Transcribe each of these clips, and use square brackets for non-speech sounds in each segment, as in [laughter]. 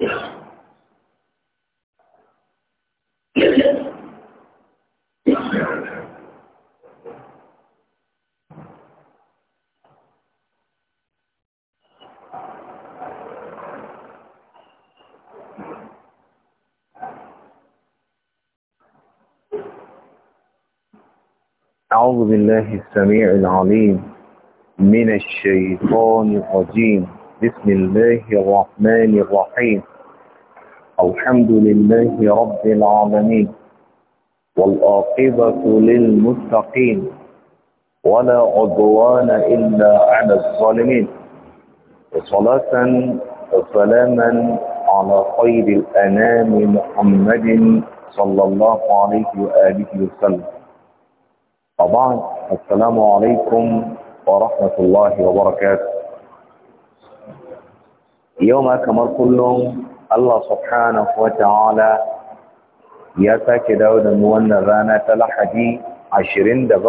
أعوذ بالله السميع العليم من الشيطان الرجيم بسم الله الرحمن الرحيم الحمد لله رب العالمين والآقبة للمتقين ولا عدوان إلا على الظالمين وصلاة وسلاما على خير الأنام محمد صلى الله عليه وآله وسلم طبعا السلام عليكم ورحمة الله وبركاته yau ma kamar kullum Allah subhanahu wa ta'ala ya sake dawo da mu wannan rana ta Lahadi 27 ga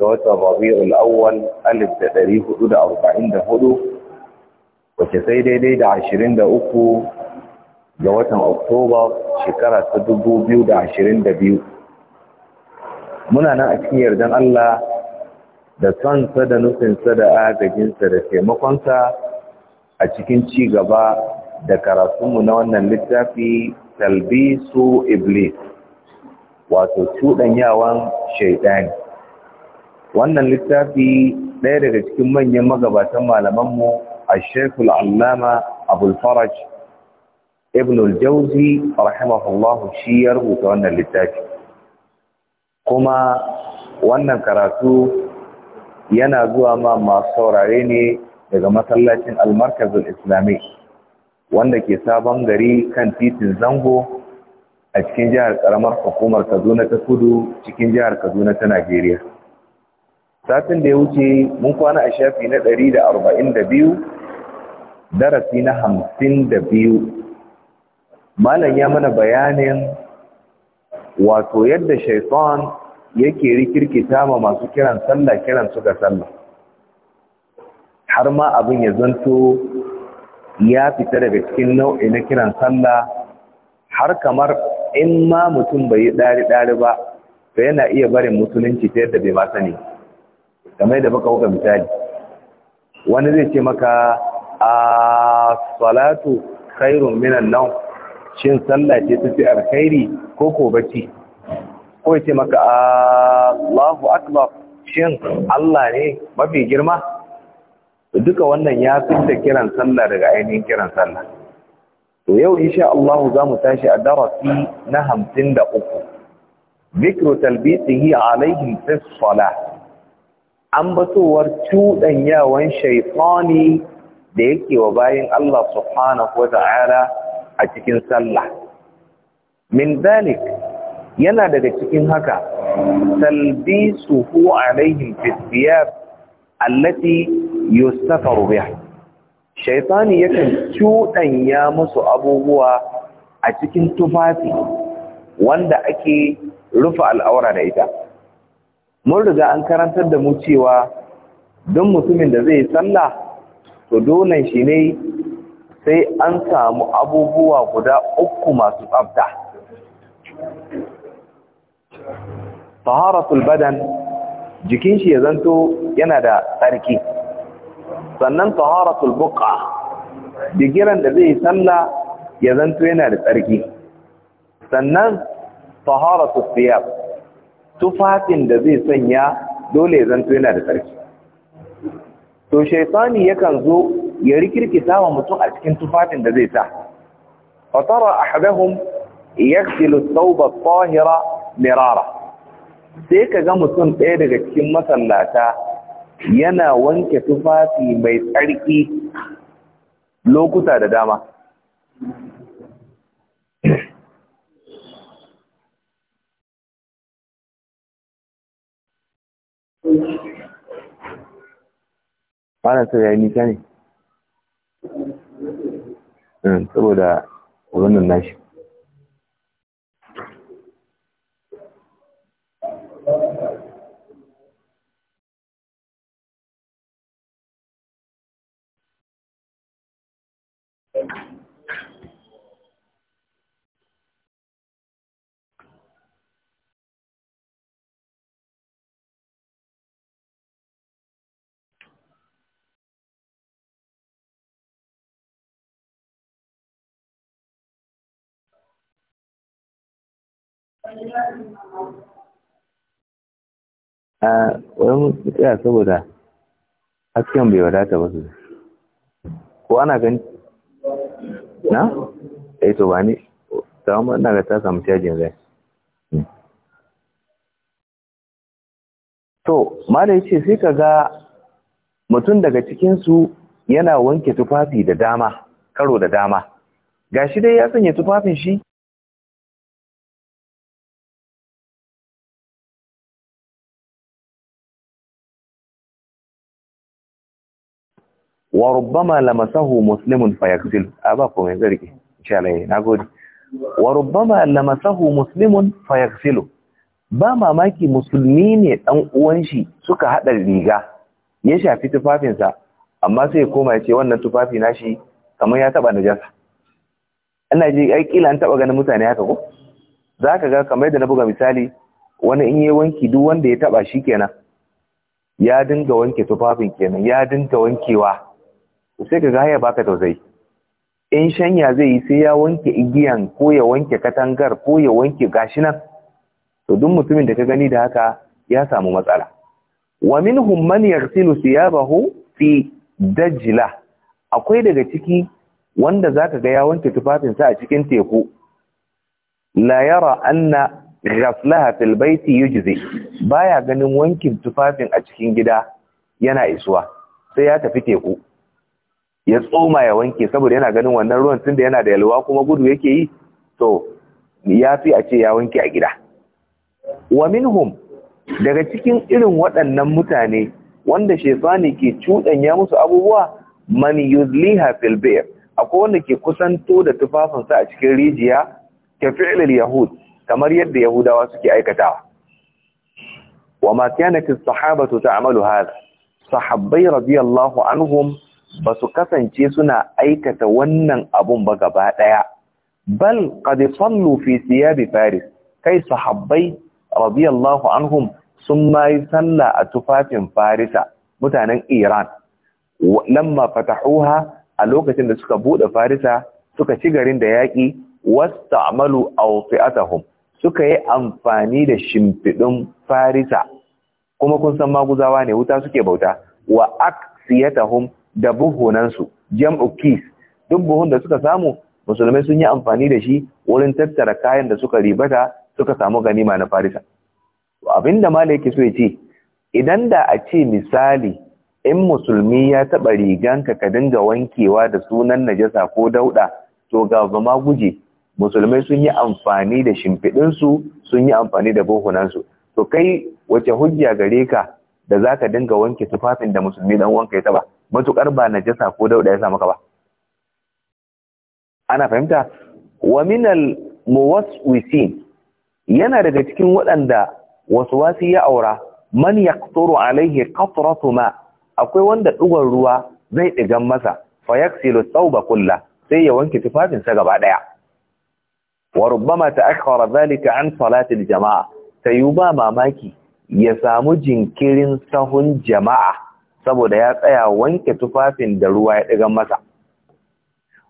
watan Rabiul Awwal 1444 wace sai daidai da 23 ga watan Oktoba shekara ta 2022 muna nan a cikin yardan Allah da sansa da nufinsa da agajinsa da taimakonsa a cikin ci gaba da karatunmu na wannan littafi talbisu iblis wato cuɗanyawan shaidani wannan littafi ɗaya daga cikin manyan magabatan malamanmu a shekul allama abulfaraj ibn al-jauzi rahimahullahu shi ya rubuta wannan littafi kuma wannan karatu yana zuwa ma masu saurare ne daga masallacin almarkazul islami wanda ke sabon gari kan titin zango a cikin jihar karamar hukumar kaduna ta kudu cikin jihar kaduna ta najeriya satin da ya wuce mun kwana a shafi na dari da da biyu, darasi na hamsin da biyu. malam ya mana bayanin wato yadda shaitan yake rikirkita ma masu kiran sallah kiran su ga sallah har ma abin ya zanto ya fita daga cikin nau'i na kiran sallah har kamar in ma mutum bai yi ɗari-ɗari ba to yana iya barin musulunci ta yadda bai ma sani kamar da baka kuka misali wani zai ce maka a salatu khairun minan nan shin sallah ce ta fi alkhairi ko ko bacci ko ya ce maka Allahu akbar shin Allah ne mafi girma duka wannan ya fita kiran sallah daga ainihin kiran sallah to yau insha Allah za mu tashi a darasi na 53 zikru talbitihi alaihim fi salah cudan yawan shaytani da yake wa bayin Allah subhanahu ta'ala a cikin sallah min dalik yana daga cikin haka talbisuhu alaihim fi thiyab allati yustafaru bih shaitani yakan cuɗanya musu abubuwa a cikin tufafi wanda ake rufe al'aura da ita mun riga an karantar da mu cewa don mutumin da zai sallah to donan shi ne sai an samu abubuwa guda uku masu tsafta taharatul badan jikin shi ya zanto yana da tsarki sannan taharatul buqa digiran da zai salla ya zanto yana da tsarki sannan taharatul thiyab tufafin da zai sanya dole ya zanto yana da tsarki to shaytani yakan zo ya rikirkita wa mutum a cikin tufafin da zai sa fatara ahadahum yaghsilu ath-thawba ath-tahira mirara sai ga mutum ɗaya daga cikin masallata yana wanke tufafi mai tsarki lokuta da dama ana sai ya yi nisa ne hmm, saboda wannan nashi a wani tsaya saboda hasken bai wadata ba su ko ana gani na? ya eh to ba ne tsawon ba ina ga ta samu cajin rai hmm. to mala ya ce sai ka ga mutum daga cikinsu yana wanke tufafi da dama karo da dama ga shi dai ya sanya tufafin shi wa rubbama lamasahu muslimun fayaghsil aba ko mai zarki insha Allah eh, nagode wa rubbama lamasahu muslimun ba mamaki musulmi ne dan uwan shi suka hada riga ya shafi tufafinsa amma sai koma ya ce wannan tufafi nashi kamar ya taba najasa ina ji ai kila an taba ganin mutane haka ko zaka ga kamar da na buga misali wani in yayi wanki duk wanda ya taba shi kenan ya dinga wanke tufafin kenan ya dinga wankewa sai ka ga ya baka tausayi in shanya zai yi sai ya wanke igiyan ko ya wanke katangar ko ya wanke gashi nan to duk mutumin da ka gani da haka ya samu matsala wa minhum man yaghsilu thiyabahu fi dajla akwai daga ciki wanda zaka ga ya wanke tufafin sa a cikin teku la yara anna ghaslaha fil baiti yujzi baya ganin wankin tufafin a cikin gida yana isuwa sai ya tafi teku ya tsoma ya wanke saboda yana ganin wannan ruwan da yana da yalwa kuma gudu yake yi to ya fi a ce ya wanke a gida wa minhum daga cikin irin waɗannan mutane wanda shefani ke cuɗan ya musu abubuwa man yuzliha fil bair akwai wanda ke kusanto da tufafinsa a cikin rijiya ka fi'lil yahud kamar yadda yahudawa suke aikatawa wa ma kanat as-sahabatu ta'malu hadha sahabbai radiyallahu anhum ba su kasance suna aikata wannan abun ba gaba ɗaya bal qad sallu fi siyabi faris kai sahabbai radiyallahu anhum sun ma yi sallah a tufafin farisa mutanen iran lamma fatahuha a lokacin da suka buɗe farisa suka ci garin da yaƙi wasta'malu awfi'atahum suka yi amfani da shimfiɗin farisa kuma kun san maguzawa ne wuta suke bauta wa aksiyatahum da buhunansu jam'u kis duk buhun da suka samu musulmai sun yi amfani da shi wurin tattara kayan da suka ribata suka samu ganima na farisa abinda malai yake so ya ce idan da a ce misali in musulmi ya taɓa riganka ka dinga wankewa da sunan najasa ko Dauda,' to ga zama guje musulmai sun yi amfani da shimfiɗinsu sun yi amfani da buhunansu to kai wace hujja gare ka da za ka dinga wanke tufafin da musulmi dan wanka ya taɓa matuƙar ba na jasa ko dauda ya sa maka ba ana fahimta wa minal muwaswisin yana daga cikin waɗanda wasi ya aura man yaqturu alaihi qatratu ma akwai wanda dugon ruwa zai digan masa fa yaksilu thawba kullah sai ya wanke tufafinsa gaba daya wa rubbama ta'akhkhara dhalika an salati aljamaa ba mamaki ya samu jinkirin sahun jama'a saboda ya tsaya wanke tufafin da ruwa ya ɗiga masa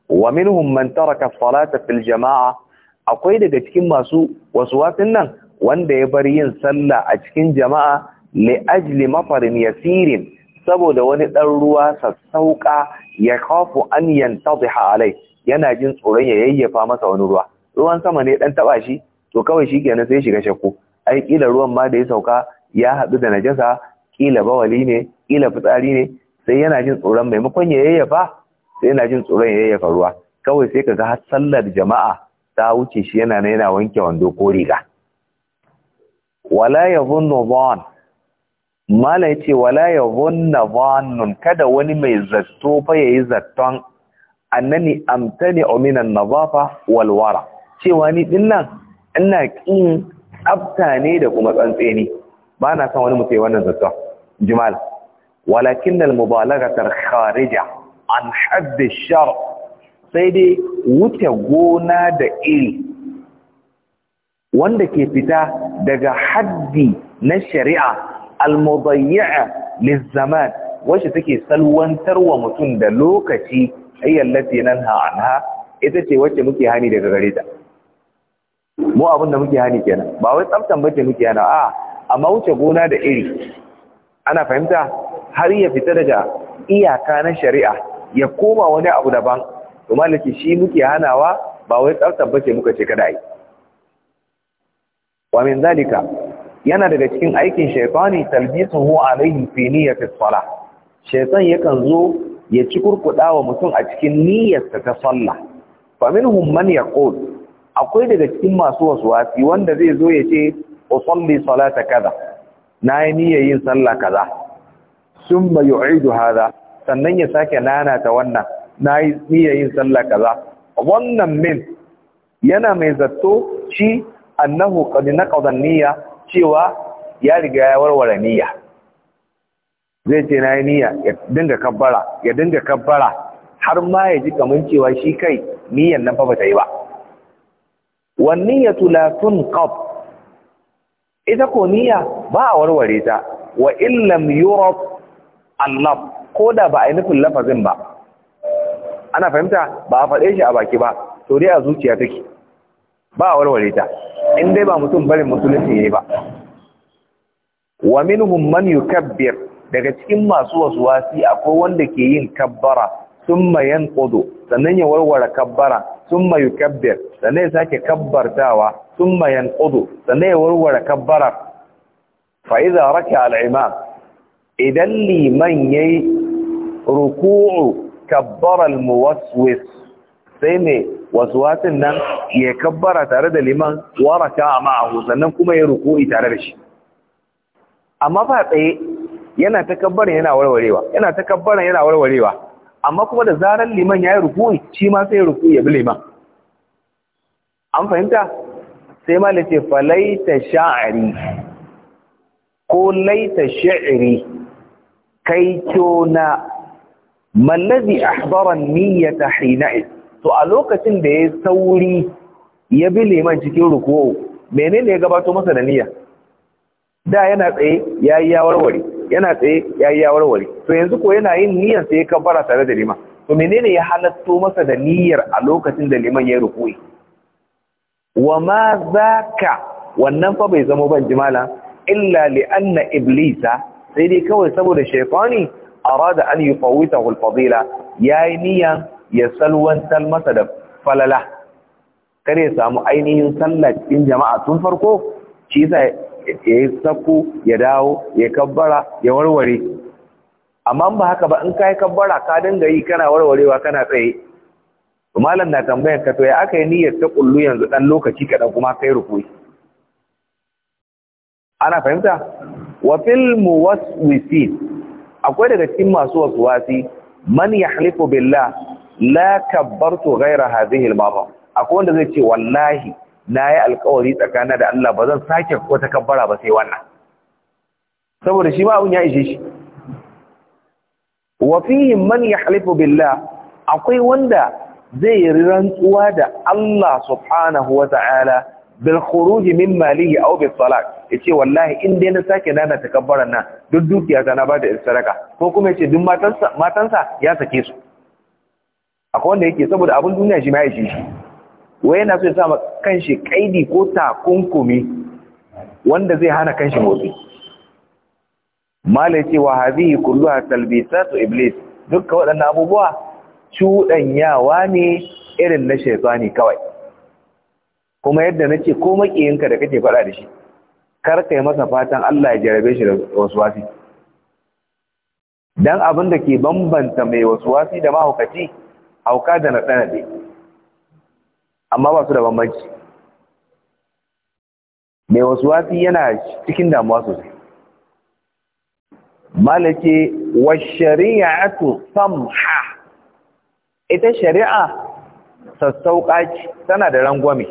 wa minhum man taraka salata fil jama'a akwai daga cikin masu wasu wasu nan wanda ya bar yin sallah a cikin jama'a li ajli mafarin yasirin saboda wani ɗan ruwa sassauka ya kafu an yantadhiha alai yana jin tsoron ya yayyafa masa wani ruwa ruwan sama ne ɗan taɓa shi to kawai shi ke shikenan sai shiga shakku ai kila ruwan ma da ya sauka ya haɗu da najasa ƙila bawali ne kila fitsari ne sai yana jin tsoron maimakon ya yayyafa sai yana jin tsoron ya yayyafa ruwa kawai sai ka ga har sallar jama'a ta wuce shi yana yana wanke wando ko riga wala yadhunnu dhann mala yace wala yadhunnu dhannun kada wani mai zato fa yayi zatton annani amtani minan nadafa wal wara cewa ni dinnan ina kin tsafta ne da kuma tsantseni ba na san wani mutai wannan zato جمال ولكن المبالغة خارجة عن حد الشرع سيدي وتغونا دئيل wanda ke fita daga haddi na shari'a al-mudayyi'a liz-zaman wacce take salwantarwa mutum da lokaci ayyallati nanha anha ita ce wacce muke hani daga gare ta mu abin da muke hani kenan ba wai tsaftan bace muke yana a amma wuce gona da iri ana fahimta har ya fita daga iyaka na shari'a ya koma wani abu daban to malaki shi muke hanawa ba wai tsaftar bace muka ce kada yi wa min zalika yana daga cikin aikin shaytani talbisuhu alaihi fi niyyati salah shaytan yakan zo ya ci kurkuda wa mutum a cikin niyyarsa ta sallah fa minhum man yaqul akwai daga cikin masu waswasi wanda zai zo ya ce usalli salata kaza na yi niyyar yin sallah kaza sun ba yu'idu hada sannan ya sake ta wannan na yi niyyar yin sallah kaza wannan min yana mai zato shi annahu na naqada niyya cewa ya riga ya warware niyya zai ce na yi niyya ya dinga kabbara ya dinga kabbara har ma ya ji kaman cewa shi kai niyyan nan fa ba ta yi ba wannan niyyatu la tunqat ita ko niyya ba a warware ta wa illam yurab Allah ko da ba a yi nufin lafazin ba ana fahimta ba a faɗe shi a baki ba to dai a zuciya take ba a warware ta in dai ba mutum barin musulunci ne ba wa minhum man yukabbir daga cikin masu wasuwasi akwai wanda ke yin kabbara thumma yanqudu sannan ya warware kabbara thumma yukabbir sannan ya sake kabbartawa ثم ينقض ƙudu sannan ya warware ركع fa'iza rake al'imam idan liman ya yi الموسوس kabbarar muwaswis sai mai wasuwasin nan ya معه tare da liman waraka a ma'ahu sannan kuma da yana ta kabbara yana warwarewa yana ta kabbara yana warwarewa amma kuma da zarar liman ya yi rukuni, shi ma sai ya rukuni ya bi liman an fahimta sai mala ce falaita sha'ari ko laita sha'iri kai kyona mallazi ahbaran niyyata hina'is to a lokacin da ya sauri ya bi liman cikin ruku menene ya gabato masa da niyya da yana tsaye yayi ya warware yana tsaye yayi ya warware to yanzu ko yana yin niyyar sai ya kabbara tare da liman to menene ya halatto masa da niyyar a lokacin da liman ya ruku'i wa ma zaka wannan fa bai zama ban jimala illa li anna iblisa sai dai kawai saboda shaytani arada an yufawitahu al-fadila yayi niyya ya salwantar masa da falala ya samu ainihin sallar cikin jama'a tun farko shi yasa ya sako ya dawo ya kabbara ya warware amma ba haka ba in kai kabbara ka dinga yi kana warwarewa kana tsaye malam na tambayar ka to ya aka yi niyyar ta kullu yanzu dan lokaci kaɗan kuma kai rukui ana fahimta wa fil muwaswisin akwai daga cikin masu waswasi man yahlifu billah la kabbartu ghayra hadhihi al akwai wanda zai ce wallahi nayi alƙawari tsakanin da Allah ba zan sake wata kabbara ba sai wannan saboda shi ba abun ya ishe shi wa fihi man yahlifu billah akwai wanda zai yi rantsuwa da Allah subhanahu wa ta'ala bil khuruj min malihi aw bis salat yace wallahi in dai na sake nana takabbaran na, duk dukiya ta na bada sadaka ko kuma yace duk matansa matansa ya sake su akwai wanda yake saboda abin duniya shi mai shi wai yana so ya sa kanshi kaidi ko takunkumi wanda zai hana kanshi motsi malai cewa hadhihi kulluha talbisatu iblis dukkan waɗannan abubuwa cuɗanyawa ne irin na ne kawai kuma yadda na ce ko makiyinka da kake faɗa da shi kar ka yi masa fatan Allah ya jarabe shi da wasuwasi Don abin da ke bambanta mai wasuwasi da mahaukaci hauka da naɗe-naɗe amma ba su da bambanci mai wasuwasi yana cikin damuwa sosai malake wa shari'atu samha ita shari'a sassauƙa ce tana da rangwame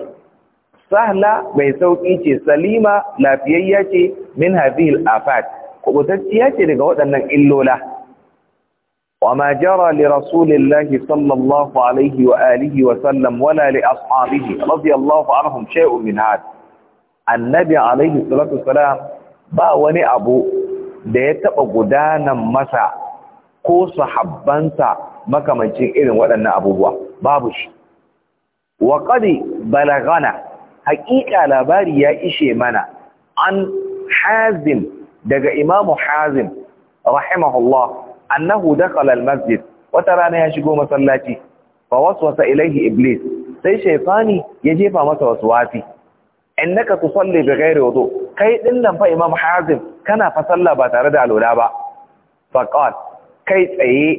sahla mai sauƙi ce salima lafiyayya ce min hadhihi afat kubutacciya ce daga waɗannan illola wa ma jara li rasulillahi sallallahu alaihi wa wa sallam wala li ashabihi radiyallahu anhum shay'un min hada annabi alaihi salatu wasalam ba wani abu da ya taɓa gudanan masa ko sahabbansa makamancin irin waɗannan abubuwa babu shi wa qadi balagana haƙiƙa labari ya ishe mana an hazim daga imamu hazim rahimahullah annahu dakhala almasjid wata rana ya shigo masallaci fa waswasa ilaihi iblis sai shaytani ya jefa masa waswasi innaka tusalli bighairi wudu kai din nan fa imam hazim kana fa ba tare da alwala ba fa qala kai tsaye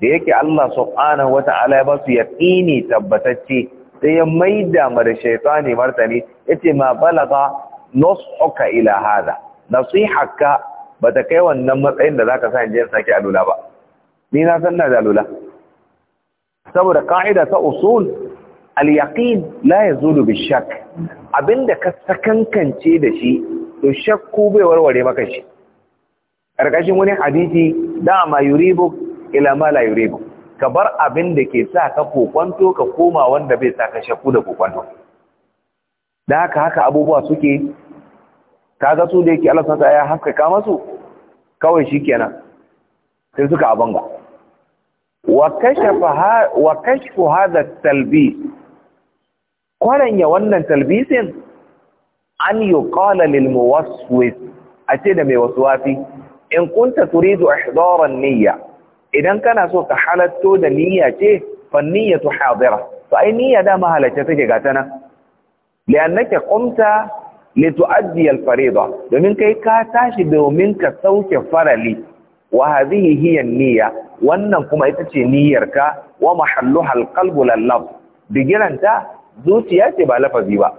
da yake Allah subhanahu wata'ala ya ba su yaqini tabbatacce sai ya maida ma da shaytani martani yace ma balaga nasuka ila hada nasihaka ta kai wannan matsayin da zaka sa injin saki alula ba ni na san na da alula saboda ka'ida ta usul al-yaqin la yazulu bi-shakk abinda ka sakankance da shi to shakku bai warware maka shi ƙarƙashin wani hadisi dama yuribu ila ma la yuribu ka bar abin da ke sa ka kokwanto ka koma wanda bai sa ka shakku da kokwanto da haka haka abubuwa suke ga su da yake Allah sata ya ka masu kawai shi kenan, sai suka abanga wa kashafa wa kashfu hadha talbis ya wannan talbisin an yuqala lil muwaswis a ce da mai wasu wafi in kunta turidu ihdaran niyya idan kana so ka halatto da niyya ce fa niyyatu hadira fa ai niyya da mahalace take ga tana li'annaka qumta litu'addi al-fariida domin kai ka tashi domin ka sauke farali wa hadhihi hiya niyya wannan kuma ita ce niyyarka wa mahalluha al-qalbu lal digiranta zuciya ce ba lafazi ba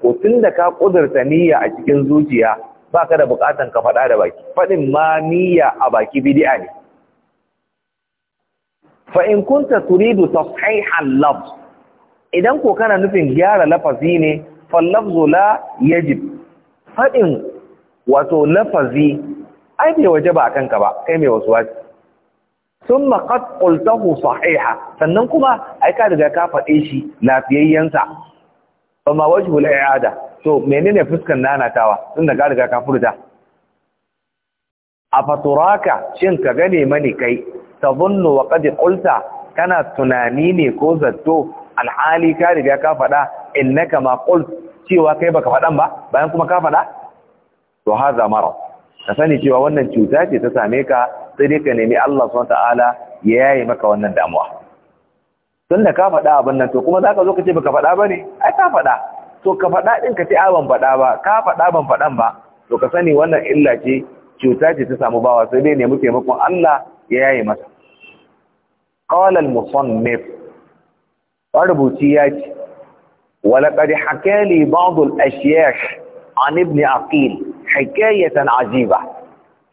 ko tunda ka kudurta niyya a cikin zuciya ba ka da bukatan ka faɗa da baki faɗin ma niyya a baki bidi'a ne fa'in kunta turidu ta sahihan lafz idan ko kana nufin gyara lafazi ne fallafzo la yajib faɗin wato lafazi ai bai waje ba a kanka ba kai mai wasu wasu sun maƙat ƙultahu sahiha sannan kuma aika ka riga ka faɗe shi lafiyayyensa ba ma waje hula to menene fuskan nanatawa tun da ka riga ka furta a faturaka shin ka gane mani kai tazunnu wa qad qulta kana tunani ne ko zato alhali ka riga ka faɗa innaka ma qult cewa kai baka faɗan ba bayan kuma ka faɗa to haza mara ka sani cewa wannan cuta ce ta same ka sai dai ka nemi Allah subhanahu ta'ala ya yi maka wannan damuwa tunda ka faɗa abin nan to kuma zaka zo ka ce baka faɗa bane ai ka faɗa to ka faɗa ɗin ka ce a ban faɗa ba ka faɗa ban faɗan ba to ka sani wannan illa ce cuta ce ta samu bawa sai dai nemi taimakon Allah ya yaye masa qala al-musannif rubuci ya ce laqad hakali ba'd al الأشياخ an ibn aqil hikayatan ajiba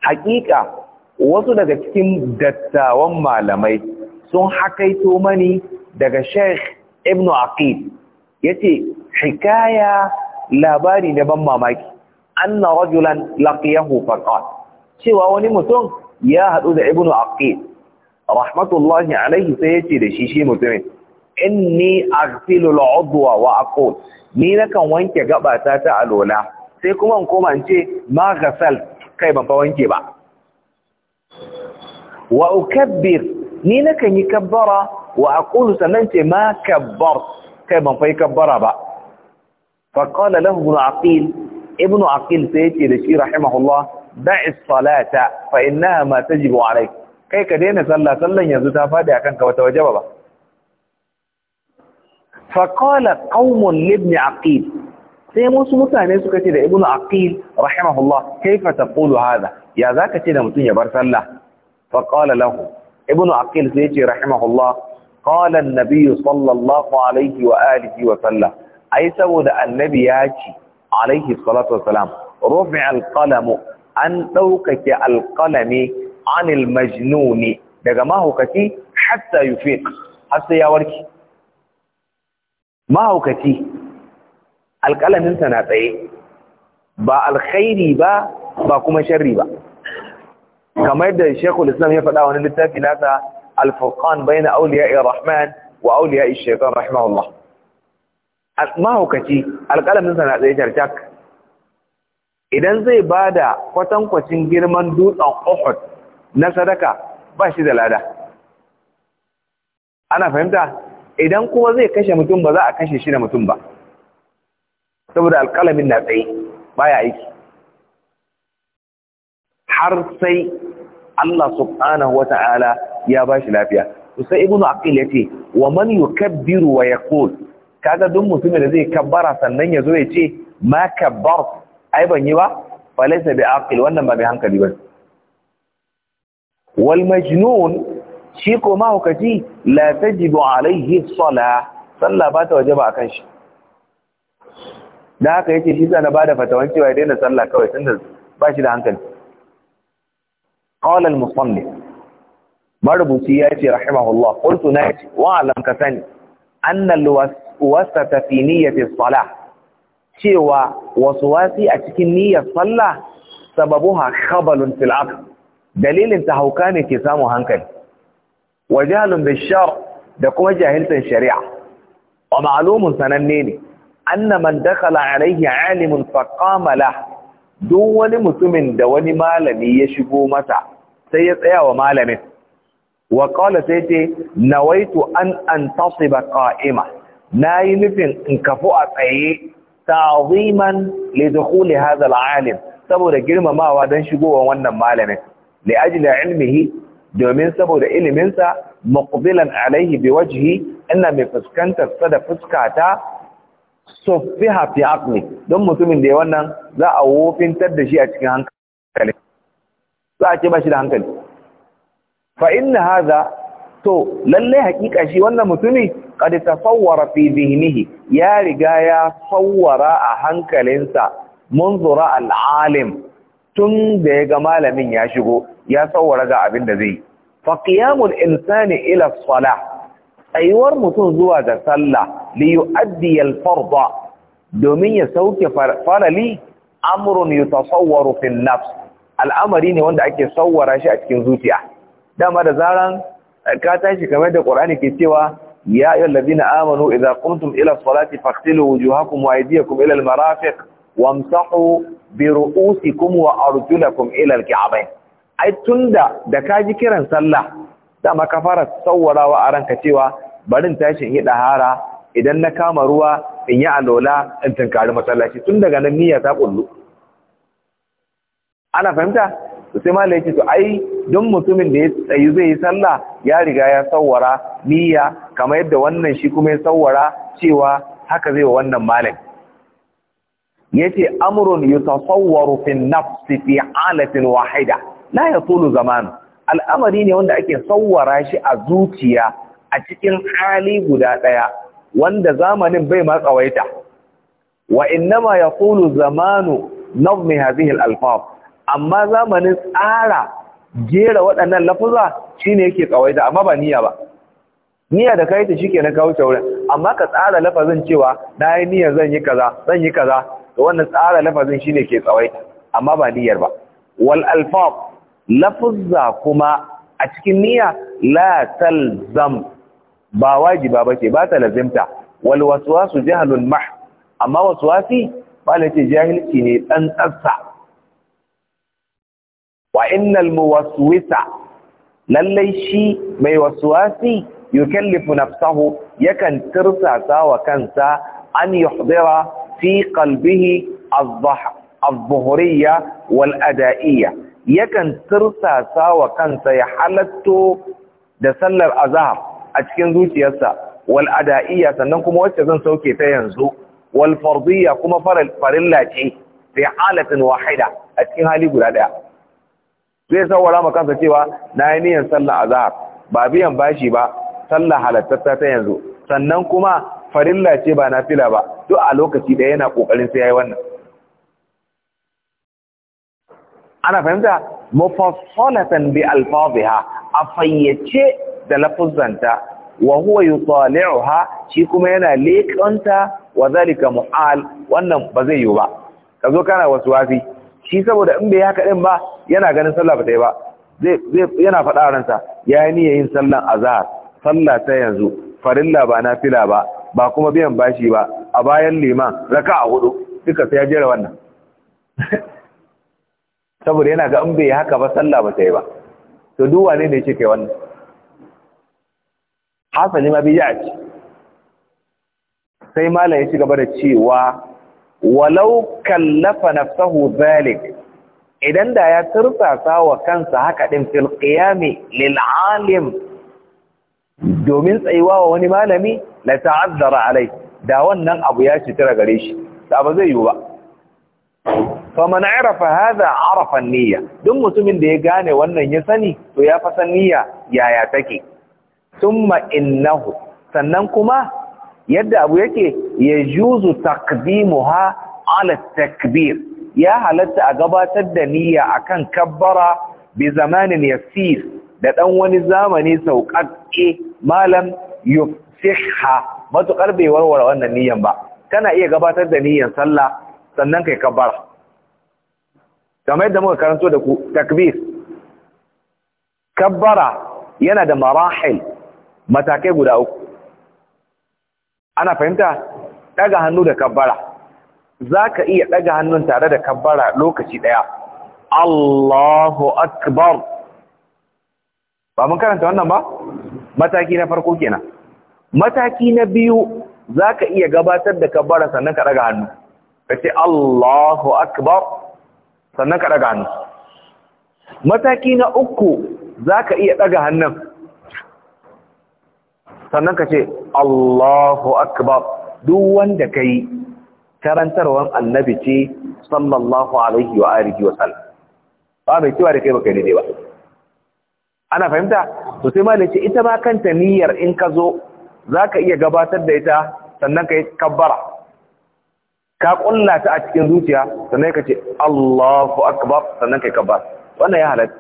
haqiqa wasu daga cikin dattawan malamai sun hakaito mani daga Sheikh Ibn Aqil yace hikaya labari ne ban mamaki anna rajulan laqiyahu faqat cewa wani mutum ya hadu da ibnu aqil rahmatullahi alaihi sai yace da shi shi mutumin inni aghsilu al'udwa wa aqul ni nakan wanke gabata ta alola sai kuma in koma in ce ma ghasal kai ban fa wanke ba wa ukabbir ni nakan yi kabbara wa aqulu sannan ce ma kabbar kai ban fa yi kabbara ba فقال له ابن عقيل ابن عقيل سيتي لشي رحمه الله دع الصلاة فإنها ما تجب عليك كي كدين صلى صلى يزدها فادي أكنك وتوجب فقال قوم لابن عقيل سيموس متاني كتير ابن عقيل رحمه الله كيف تقول هذا يا ذاك تيدا متين يبر الله فقال له ابن عقيل سيتي رحمه الله قال النبي صلى الله عليه وآله وسلم ai saboda annabi ya ce alaihi salatu wassalam rufi alqalamu an daukake alqalami anil majnuni daga mahaukaci hatta yufiq har sai ya warke mahaukaci alqalamin sa na tsaye ba alkhairi ba ba kuma sharri ba kamar da Sheikhul Islam ya faɗa wani littafi nasa Al-Furqan bayna awliya'i Rahman wa awliya'i Shaytan rahimahullah mahaukaci sa na tsaye carcak idan zai ba da kwatankwacin girman dutsen ohud na sadaka ba shi da lada ana fahimta idan kuma zai kashe mutum ba za a kashe shi da mutum ba saboda alƙalamin na tsaye baya aiki har sai Allah subhanahu wata'ala ya ba shi lafiya sai ibnu aqil ce wa man yukabbiru wa yaqul kaga duk mutumin da zai kabbara sannan ya zo ya ce ma kabbar ai ban yi ba falaisa bi aqil wannan ba mai hankali ba wal majnun shi ko mahaukaci la tajibu alaihi sala sallah ba ta wajaba akan shi da haka yake shi zana bada fatawan cewa ya daina sallah kawai tunda ba shi da hankali qala al-musannif marubuci ya ce rahimahullah qultu na ce wa alam ka sani anna al-was wasata fi niyyati salah cewa waswasi a cikin niyyar sallah sababuha khabalun fil aql dalilin ta hauka ne ke samu hankali wajahlun bil shar da kuma jahiltan shari'a wa ma'lumun sananne ne anna man dakhala alayhi alimun faqama la duk wani mutumin da wani malami ya shigo masa sai ya tsaya wa malamin wa qala sai ce nawaitu an antasiba qa'ima na yi nufin in kafu a tsaye ta'aziman li dukhuli hadha al-alim saboda girmamawa don shigowa wannan malamin li ajli ilmihi domin saboda iliminsa muqbilan alaihi bi wajihi, ina mai fuskantar sada da fuskata sufiha fi aqli don mutumin da ya wannan za a wofintar da shi a cikin hankali za a ce ba shi da hankali fa inna hadha to lalle hakika shi wannan mutumi qad tasawwara fi dhihnihi ya riga ya sawwara a hankalinsa munzura al'alim tun da ya ga malamin ya shigo ya sawwara ga abin da zai fa qiyamul insani ila as-salah aiwar mutum zuwa ga sallah li yuaddi al domin ya sauke farali amrun yutasawwaru fi nafs al'amari ne wanda ake sawwara shi a cikin zuciya dama da zaran ka tashi kamar da Qur'ani ke cewa ya ayyuhal ladina amanu idza qumtum ila salati faghsilu wujuhakum wa aydiyakum ila almarafiq wamsahu bi ru'usikum wa arjulakum ila alka'bayn ai tunda da ka ji kiran sallah da ka fara tsawarawa a ranka cewa barin tashin yi dahara idan na kama ruwa in yi alola in tunkari masallaci tun daga nan niyya ta kullu ana fahimta to sai malai to ai Don mutumin da ya tsayi zai yi sallah ya riga ya sauwara niyya kamar yadda wannan shi kuma ya sawwara cewa haka zai wa wannan malam yace amrun yutasawwaru fi nafsi fi alatin wahida ya yatulu zamanu al'amari ne wanda ake sawwara shi a zuciya a cikin hali guda ɗaya, wanda zamanin bai ma tsawaita wa innama yaqulu zamanu Naf mai hazihil alfaz amma zamanin tsara jera waɗannan lafuza ne yake kawaida amma ba niyya ba niyya da kai ta ke na kawo shaurin amma ka tsara lafazin cewa na yi niyyar zan yi kaza zan yi kaza da wannan tsara lafazin ne ke kawaida amma ba niyyar ba wal alfaz lafuzza kuma a cikin niyya la talzam ba wajiba bace ba ta lazimta wal waswasu jahlun mah amma waswasi ba ce jahilci ne ɗan tsatsa وان الموسوسة للي شي مي وسواسي يكلف نفسه يكن ترسا سا وكنسا ان يحضر في قلبه الظهرية والأدائية يكن ترسا سا وكنسا يحلت دسل الأزهر أتكين ذو سياسة والأدائية سننكم وشزن كيف تينزو والفرضية كما فرل فرلاتي في حالة واحدة أجكن هالي قلالها zai sawara ma kansa cewa na yi niyyar sallah azhar ba biyan bashi ba sallah halattata ta yanzu sannan kuma farilla ce ba nafila ba duk a lokaci ɗaya yana kokarin sai yayi wannan ana fahimta mufassalatan bi alfaziha a da lafuzanta wa huwa yutali'uha shi kuma yana leƙanta wa zalika mu'al wannan ba zai yi ba kazo kana wasi shi saboda in bai haka din ba yana ganin sallah ba ta yi ba zai yana faɗa a ransa ya yi yin sallan azhar sallah ta yanzu farilla ba nafila ba ba kuma biyan bashi ba a bayan liman raka a hudu duka sai ya jera wannan [laughs] saboda yana ga in bai haka ba sallah ba ta yi ba to duwa ne ne yake kai wannan hasali ma ya ci sai malam ya ci gaba da cewa walau kallafa nafsahu zalik idan da ya tursasa wa kansa haka ɗin fil qiyami lil domin tsayuwa wa wani malami la ta'azzara alai da wannan abu ya ci tira gare shi da ba zai yi ba Fa faman arafa hadha arafa niyya duk mutumin da ya gane wannan ya sani to ya fa san niyya yaya take thumma innahu sannan kuma yadda abu yake ya juzu ha ala takbir ya halatta a gabatar da niyya akan kabbara bi zamanin yasir da dan wani zamani sauƙaƙe malam yufsiha matuƙar bai warware wannan niyyan ba kana iya gabatar da niyyan sallah sannan kai kabbara kamar yadda muka karanto da ku takbir kabbara yana da marahil matakai guda uku ana fahimta daga hannu da kabbara ka iya daga hannun tare da kabbara lokaci daya Allahu akbar ba mun karanta wannan ba mataki na farko kenan mataki na biyu za ka iya gabatar da kabbara sannan ka daga hannu ce Allahu akbar sannan ka daga hannu mataki na uku za ka iya daga hannun sannan ka ce Allahu akbar duk wanda ka yi. karantarwar annabi ce sallallahu alaihi wa alihi wa sallam ba mai cewa da kai ba daidai ba ana fahimta to sai malai ce ita ma kanta niyyar in ka zo zaka iya gabatar da ita sannan kai kabbara ka kulla ta a cikin zuciya sannan ka ce Allahu akbar sannan kai kabbara wannan ya halatta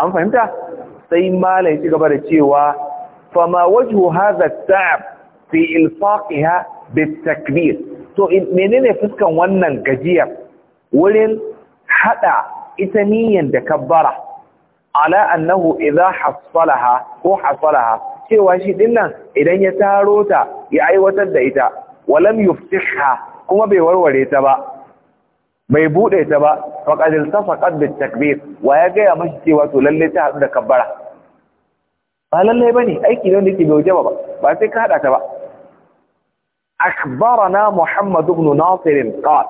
an fahimta sai malam ci gaba da cewa fama wajhu hadha ta'ab fi ilfaqiha takbir to menene fuskan wannan gajiyar wurin hada ita niyyar da kabbara ala annahu idha hasalaha ko hasalaha cewa shi dinnan idan ya taro ta ya aiwatar da ita walam yuftiha kuma bai warware ta ba bai bude ta ba faqad iltafaqat bit takbir wa ya gaya mashi cewa to lalle ta hadu da kabbara ba lalle bane aiki ne wanda yake bai wajaba ba ba sai ka hada ta ba akbarana muhammad ibn nasir qal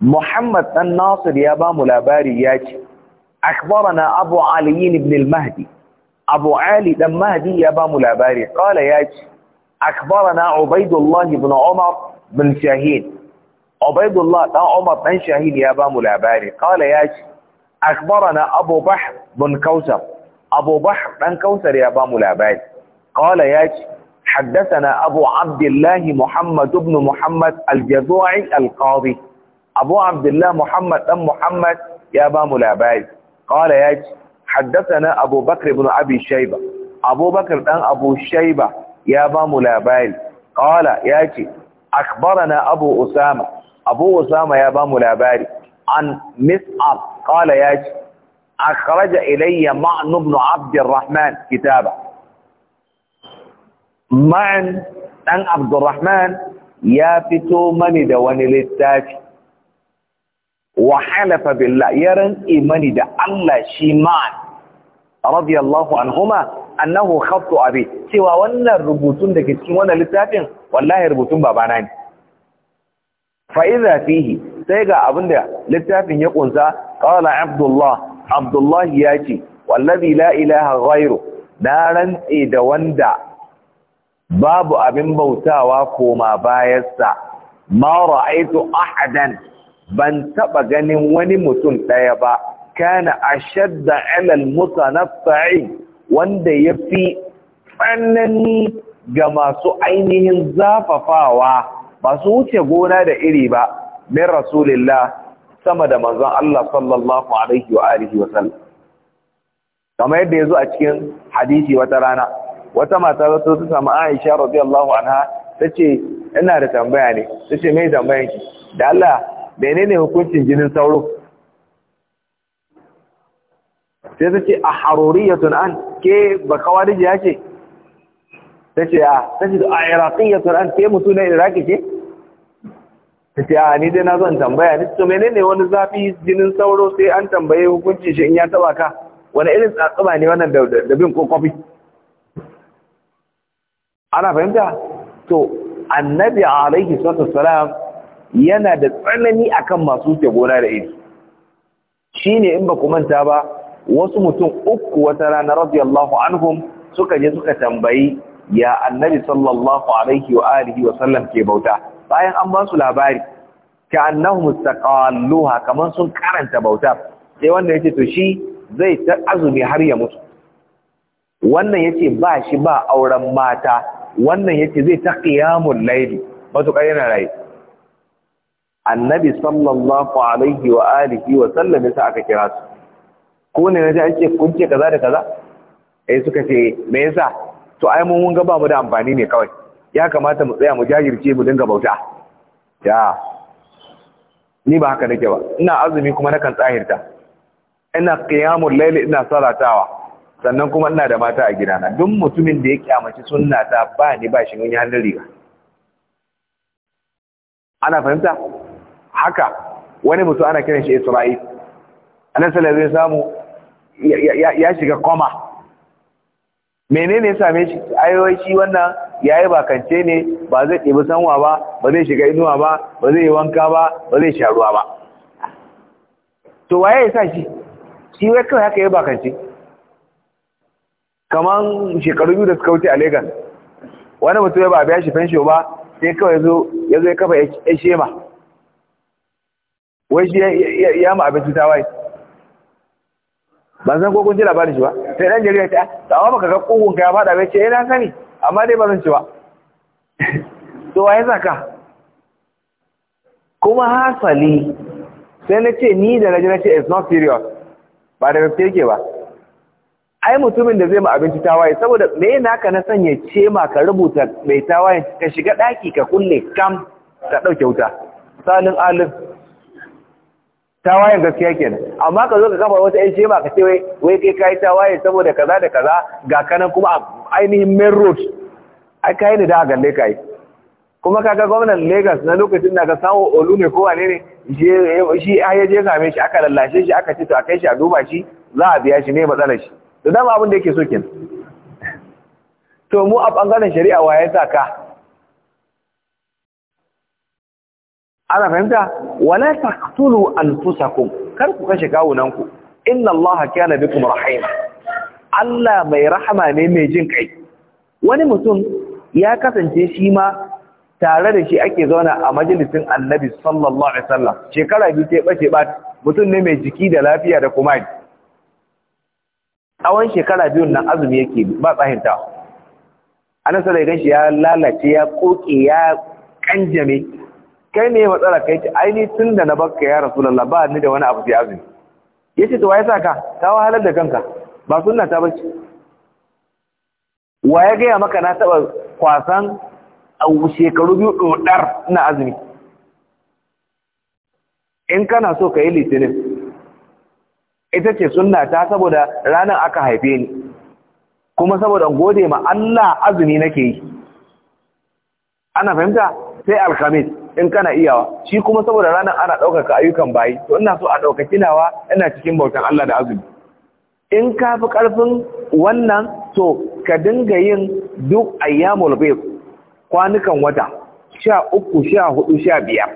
muhammad dan nasir ya ba mu labari ya ce akbarana abu ali ibn al mahdi abu ali dan mahdi ya ba mu labari qala ya ce akbarana ubaidullah ibn umar bin shahin Ubaidullah dan Umar dan Shahid ya bamu labari kala ya ce أخبرنا أبو بحر بن Kausar أبو بحر بن Kausar يا بام العباري قال يا ce حدثنا أبو عبد الله محمد بن محمد الجزوعي القاضي أبو عبد الله محمد بن محمد يا بام العباري قال ياج حدثنا أبو بكر بن أبي شيبة أبو بكر بن أبو شيبة يا بام العباري قال ياج أخبرنا أبو أسامة abu usama ya ba mu labari an mis'ab qala ya ce akhraja ilayya ma'an ibn abd arrahman kitaba ma'an dan abd arrahman ya fito mani da wani littafi wa halafa billah ya rantsi mani da Allah shi ma'an radiyallahu anhuma annahu khattu abi cewa wannan rubutun da ke cikin wannan littafin wallahi rubutun babana ne fa'iza fihi sai ga abinda littafin ya ƙunsa, qala abdullah abdullah ya ce wallazi la ilaha ghairu na rantse da wanda babu abin bautawa koma bayansa ma ra'aitu ahadan ban taɓa ganin wani mutum ɗaya ba kana ashadda na almutanaffi wanda ya fi tsanani ga masu ainihin zafafawa ba su wuce gona da iri ba min rasulillah sama da manzon Allah sallallahu alaihi wa alihi wa sallam kamar yadda yazo a cikin hadisi wata rana wata mata ta ta samu Aisha radiyallahu anha tace ina da tambaya ne tace me tambayan ki da Allah menene hukuncin jinin sauro sai tace a haruriyatun an ke ba kawariji ya ce tace a tace a iraqiyatun an ke mutu ne iraki ce Tafiya a ni dai na zan tambaya ni to menene wani zafi jinin sauro sai an tambaye hukuncin shi in ya taba ka wani irin tsatsuma ne wannan da bin kwakwafi? ana fahimta to annabi alaihi salatu wassalam yana da tsanani akan masu wuce gona da iri ne in ba ku manta ba wasu mutum uku wata rana radiyallahu anhum suka je suka tambayi ya annabi sallallahu alaihi wa alihi wa sallam ke bauta bayan an ba su labari ka annahu mustaqalluha kaman sun karanta bauta sai wanda yace to shi zai ta azumi har ya mutu wannan yace ba shi ba auren mata wannan yace zai ta qiyamul wato kai yana rai annabi sallallahu alaihi wa alihi wa sallam yasa aka kira su ko ne naji ake kun kaza da kaza eh suka ce me yasa to ai mun ga ba mu da amfani ne kawai ya kamata mu tsaya mu jajirce mu dinga bauta ya ni ba haka nake ba ina azumi kuma nakan tsahirta ina qiyamul layl ina salatawa sannan kuma ina da mata a gidana duk mutumin da ya kyamaci sunna ta ba ni ba shi mun yi hannun riga ana fahimta haka wani mutum ana kiran shi Isra'il annabi sallallahu alaihi wasallam ya shiga koma menene ya same shi ayoyi wannan ya yi bakance ne ba zai ɗibi sanwa ba ba zai shiga inuwa ba ba zai yi wanka ba ba zai sha ruwa ba to waye ya sa shi shi wai kawai haka ya bakance kaman shekaru biyu da suka wuce a Legas wani mutum ya ba biya shi fensho ba sai kawai ya zo ya kafa ya shema wai shi ya ma abinci ta waye ban san ko kun ji labarin shi ba sai ɗan jariya ah, ta amma baka ga kugun ka ya faɗa bai ce ina eh, sani amma dai ba zan ci ba to waye zaka kuma hasali sai na ce ni da na na ce it's not serious ba da gaske yake ba ai mutumin da zai ma abinci tawaye saboda me yana ka na sanya ce ma ka rubuta mai tawaye ka shiga daki ka kulle kam ka dauke wuta salin alif tawayen gaskiya kenan amma ka zo ka kafa wata ƴan shema ka ce wai wai kai kai tawaye saboda kaza da kaza ga kanan kuma a ainihin main road ai kai ne da galle kai kuma kaga gwamnan Lagos na lokacin da ka samu Olu ne ko wane ne shi ya je same shi aka lallashe shi aka ce to a shi a duba shi za a biya shi ne matsalar shi da dama abin da yake so kenan [laughs] to mu a bangaren shari'a waye sa ka ana fahimta wala taqtulu anfusakum kar ku kashe kawunanku inna allaha kana bikum rahima Allah mai rahama ne mai jin kai wani mutum ya kasance shi ma tare da shi ake zauna a majalisin annabi sallallahu alaihi wasallam shekara biyu ta bace ba mutum ne mai jiki da lafiya da kuma tsawon shekara biyun nan azumi yake ba tsahinta anan sai gan shi ya lalace ya koke ya kanjame kai ne matsala kai ce aini tun da na bakka ya rasu lalla ba ni da wani abu sai azumi ce to waye sa ka Ta wahalar da kanka ba sunna ta bace waye ya gaya maka na taba kwasan shekaru biyu ɗoɗar na azumi in kana so ka yi litinin ita ce sunna ta saboda ranar aka haife ni kuma saboda gode ma Allah azumi nake yi ana fahimta sai alkhamis in kana iyawa shi kuma saboda ranar ana ɗaukaka ayyukan bayi to ina so a ɗaukaki nawa ina cikin bautan Allah da azumi in ka fi ƙarfin wannan to ka dinga yin duk ayyamul bayt kwanukan wata sha uku sha hudu sha biyar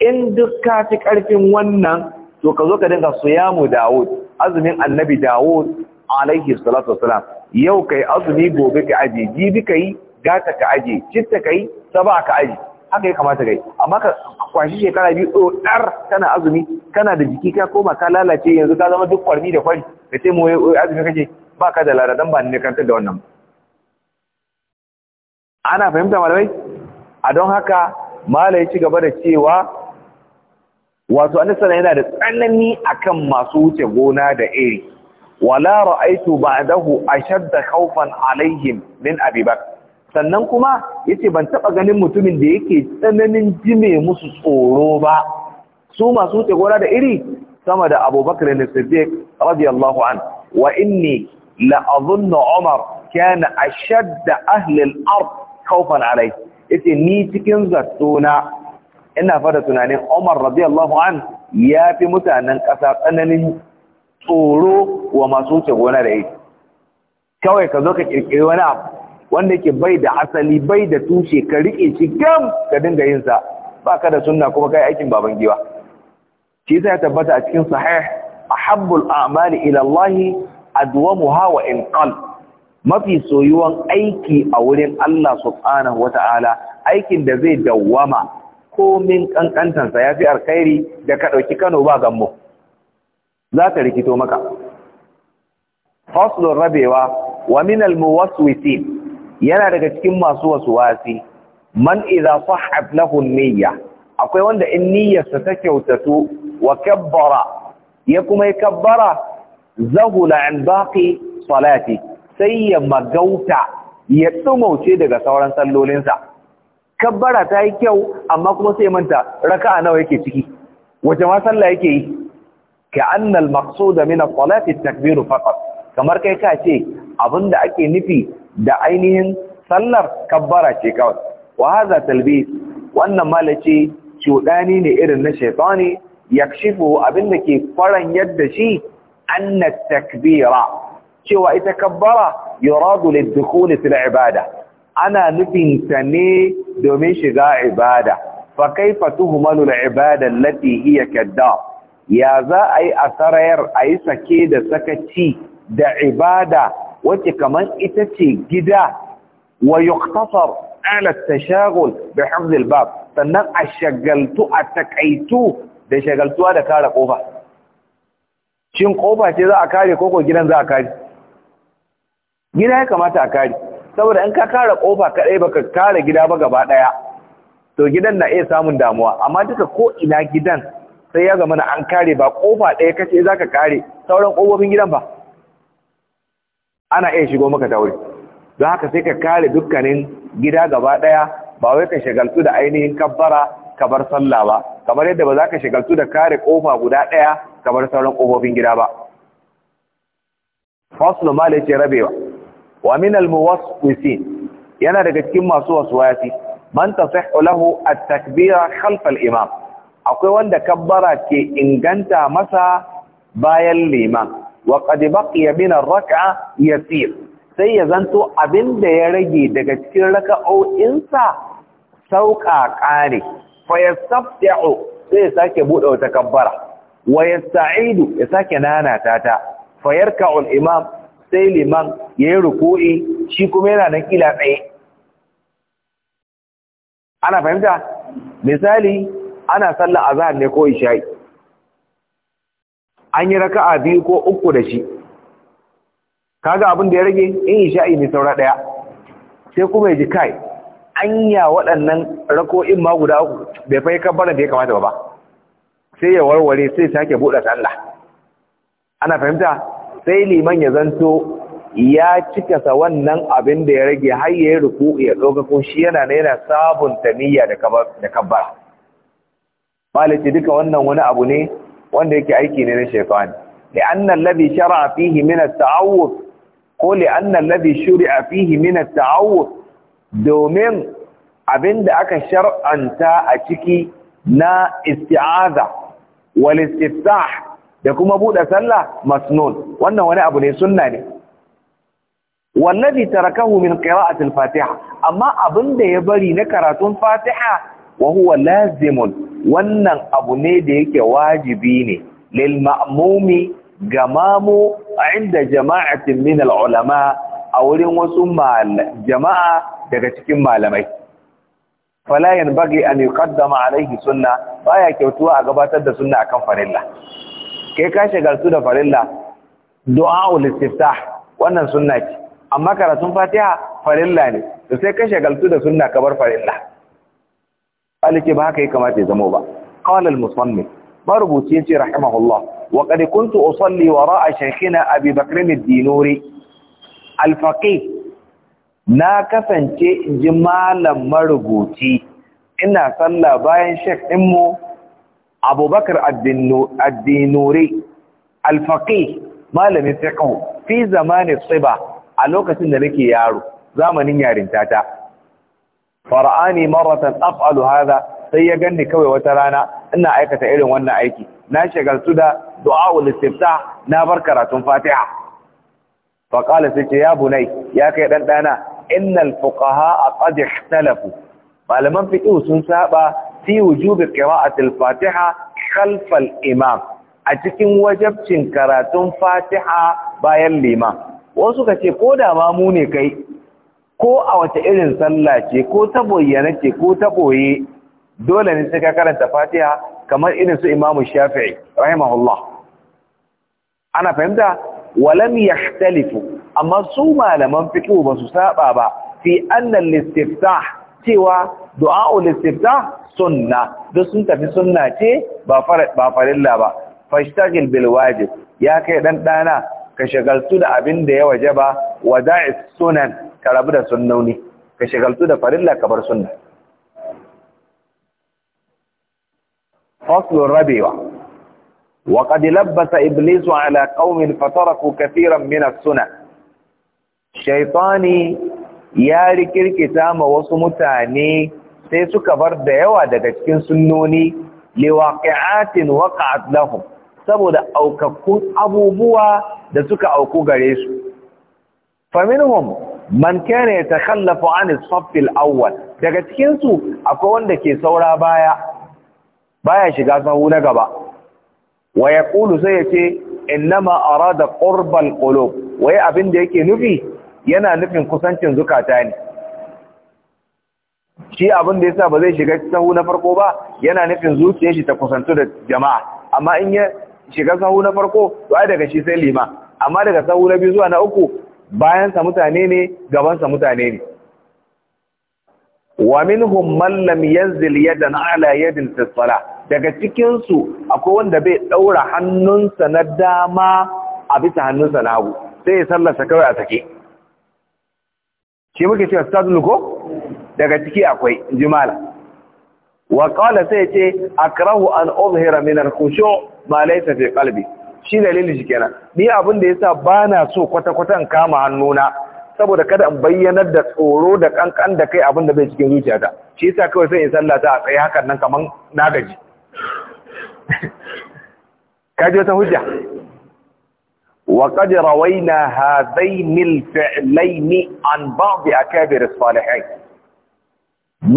in duk ka fi ƙarfin wannan to ka zo ka dinga suyamu Dawud azumin annabi Dawud alaihi salatu wasalam yau kai azumi gobe ka aje jibi kai gata ka aje citta kai saba ka aje haka ya kamata gai amma ka kwashi shekara biyu ɗar oh, kana azumi kana da jiki ka koma ka lalace yanzu ka zama duk kwarni da kwari ka ce mu azumi kake ba ka da dan ba ne kantar da wannan ana fahimta malamai a don haka malai ci gaba da cewa wato annisana yana da tsanani akan masu wuce gona da iri wala ra'aitu ba'dahu ashadda khawfan alaihim min abibakar sannan kuma ya ce ban taɓa ganin mutumin da yake tsananin jime musu tsoro ba su masu wuce gora da iri sama da Abubakar da sadiq radiyallahu an wa inni Umar kana a ahli al-ard khawfan alai ce ni cikin zartona ina fada tunanin Umar radiyallahu an ya fi mutanen ƙasa tsananin tsoro wa masu wuce gona da iri kawai ka zo ka ƙirƙiri wani abu wanda ke bai da asali bai da tushe ka rike shi gam ka dinga yin sa baka da sunna kuma kai aikin baban giwa shi yasa ya tabbata a cikin sahih ahabbul a'mali ila Allah adwamuha wa in qal mafi soyuwan aiki a wurin Allah subhanahu wata'ala aikin da zai dawwama komin kankantansa yafi alkhairi da ka dauki Kano ba gammo za ka rikito maka faslun rabewa wa min almuwaswisin yana daga cikin masu wasu wasi man idza sahhat lahu niyya akwai wanda in niyyarsa ta kyautatu wa kabbara ya kuma ya kabbara zahula an baqi salati sai ya magauta ya tsumauce daga sauran sallolinsa kabbara ta yi kyau amma kuma sai manta raka'a nawa yake ciki wace ma sallah yake yi ka annal maqsuda min as-salati at-takbir faqat kamar kai ka ce abinda ake nufi da ainihin sallar kabbara ce kawai wa haza talbis wannan malaci cuɗani ne irin na shaitani yakshifu abinda ke kwaran yadda shi anna takbira cewa ita kabbara yuradu lidukhuli fil ibada ana nufin ta ne domin shiga ibada fa kaifa tuhmalu al ibada allati hiya kadda ya za a yi asarayar a sake da sakaci da ibada wacce kamar ita ce gida wa yuqtasar ala tashagul bi al bab sannan a shagaltu a takaitu da shagaltuwa da kare kofa shin kofa ce za a kare koko gidan za a kare gida ya kamata a kare saboda in ka kare kofa kadai baka kare gida ba gaba daya to gidan na iya samun damuwa amma duka ko ina gidan sai ya zama an kare ba kofa daya kace zaka kare sauran kofofin gidan ba ana iya shigo maka ta don haka sai ka kare dukkanin gida gaba ɗaya ba wai ka shagaltu da ainihin kabbara ka bar sallah ba kamar yadda ba za ka shagaltu da kare kofa guda ɗaya ka sauran kofofin gida ba faslu ma ya rabewa wa min al muwaswisin yana daga cikin masu waswasi man tasihhu lahu at takbira khalf al imam akwai wanda kabbara ke inganta masa bayan liman wa qad baqiya min ar-rak'a yasir sai ya zanto abin da ya rage daga cikin rakao sa sauka kare fa yastafi'u sai ya sake bude wata kabbara wa yasta'idu ya sake nana ta fa yarka'u al-imam sai liman yayi ruku'i shi kuma yana nan kila tsaye ana fahimta misali ana sallar azhar ne ko isha'i an yi raka'a biyu ko uku da shi Ka ga abin da ya rage in isha'i mai saura daya sai kuma ya ji kai anya waɗannan rako'in ma guda uku bai fai kabbaran da ya kamata ba sai ya warware sai sake buɗe sallah ana fahimta sai liman ya zanto ya cikasa wannan abin da ya rage har ya yi ruku ya ɗaukako shi yana na yana sabunta niyya da kabbara. Malice duka wannan wani abu ne wanda yake aiki ne na shaytan li'anna alladhi shar'a fihi min at-ta'awuf ko li'anna alladhi shuri'a fihi min at-ta'awuf domin abinda aka shar'anta a ciki na isti'aza wal istiftah da kuma bude sallah masnun wannan wani abu ne sunna ne wallazi tarakahu min qira'ati al-fatiha amma abinda ya bari na karatun fatiha wa huwa lazimun wannan abu ne da yake wajibi ne lil ma'mumi ga mamu a inda jama'atin min al ulama a wurin wasu jama'a daga cikin malamai fala yanbaghi an yuqaddama alaihi sunna baya kyautuwa a gabatar da sunna akan farilla kai ka shagaltu da farilla du'a ul wannan sunna ce amma karatun fatiha farilla ne to sai ka shagaltu da sunna ka farilla malike ba haka ya kamata ya zama ba qala al-musannif marubuci yace rahimahullah wa qad kuntu usalli wara'a shaykhina abi bakr ad-dinuri al-faqih na kasance inji malam marubuci ina sallah bayan shek dinmu abubakar ad-dinuri al-faqih malamin fiqh fi zamanin tsiba a lokacin da nake yaro zamanin yarinta ta fara'ani maratan af'alu hadha sai ya ganni kawai wata rana ina aikata irin wannan aiki na shagaltu da du'a'ul istiftah na bar karatun fatiha fa qala sai ya bunai ya kai dan dana innal fuqaha qad ikhtalafu malaman fiqh sun saba fi wujubi qira'ati fatiha khalf al-imam a cikin wajabcin karatun fatiha bayan liman wasu ka ce ko da ma mu ne kai ko a wata irin sallah ce ko ta bayyana ce ko ta boye dole ne sai ka karanta Fatiha kamar irin su Imam Shafi'i rahimahullah ana fahimta walam yahtalifu amma su malaman fiqh ba su saba ba fi anna al-istiftah cewa du'a'ul istiftah sunna duk sun tafi sunna ce ba ba farilla ba fashtagil bil wajib ya kai dan dana ka shagaltu da abin da ya wajaba wada'i sunan ka rabu da sunnoni ka shigaltu da farilla ka bar sunna faslun rabewa wa ƙadi labbasa iblisu ala ƙaumin fataraku ku kafiran mina suna. shaifani ya rikirkita ma wasu mutane sai suka bar da yawa daga cikin sunnoni liwaqi'atin waqa'at lahum saboda aukakkun abubuwa da suka auku gare su faminhum man kana yatakhallafu an as-saff awwal daga cikin su akwai wanda ke saura baya baya shiga sahu na gaba wa Kulu sai yace innama arada qurbal al-qulub wai abin da yake nufi yana nufin kusancin zukata ne shi abin da yasa ba zai shiga sahu na farko ba yana nufin zuciyar shi ta kusantu da jama'a amma in ya shiga sahu na farko to ai daga shi sai lima amma daga sahu na biyu zuwa na uku bayansa mutane ne gabansa mutane ne wa minhum man lam yanzil yadan ala yadin fi daga cikinsu akwai wanda bai daura hannunsa na dama a bisa hannunsa na hagu sai ya sallasa kawai a sake shi muke cewa stadul ko daga ciki akwai jimala wa qala sai ce akrahu an uzhira min al-khushu' ma laysa fi qalbi shi dalilin shi kenan ni abin da yasa ba na so kwata-kwata in kama hannuna saboda kada in bayyanar da tsoro da kankan da kai abin da bai cikin zuciyata shi yasa kawai sai in sallata a tsaye hakan nan kaman na gaji [laughs] kaji wata hujja wa qad rawayna hadaini al-fi'laini an ba'd akabir salihin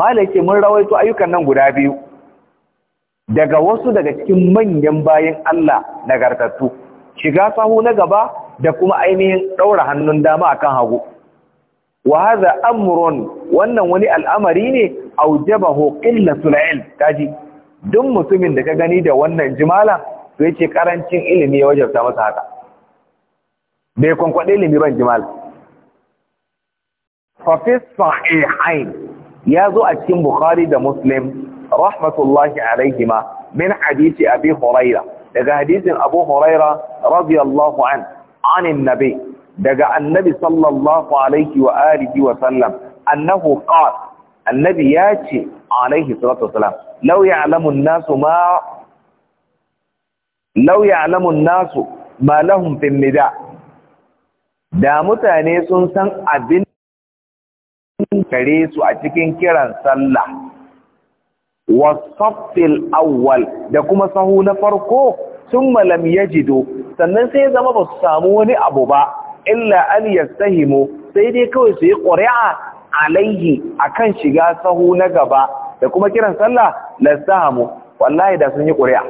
malaki mun rawaito ayyukan nan guda biyu daga wasu daga cikin manyan bayan Allah nagartattu shiga sahu na gaba da kuma ainihin ɗaura hannun dama akan hagu wa hadha amrun wannan wani al'amari ne aujabahu qillatul ilm kaji duk mutumin da ka gani da wannan jimala to yace karancin ilimi ya wajabta masa haka bai kwankwade ilimi ban jimala fa fi ya zo a cikin bukhari da muslim rahmatullahi alaihima min hadisi abi huraira daga hadisin abu huraira radiyallahu an anin nabi daga annabi sallallahu alaihi wa alihi wa sallam annahu qala annabi ya ce alaihi salatu wasalam law ya'lamu an-nasu ma law ya'lamu an-nasu ma lahum fi nida da mutane sun san abin kare su a cikin kiran sallah wasaffil awwal da kuma sahu na farko sun malam ya jido sannan sai zama ba su samu wani abu ba illa an yastahimu sai dai kawai su yi ƙuri'a alaihi a kan shiga sahu na gaba da kuma kiran sallah lastahamu wallahi da sun yi ƙuri'a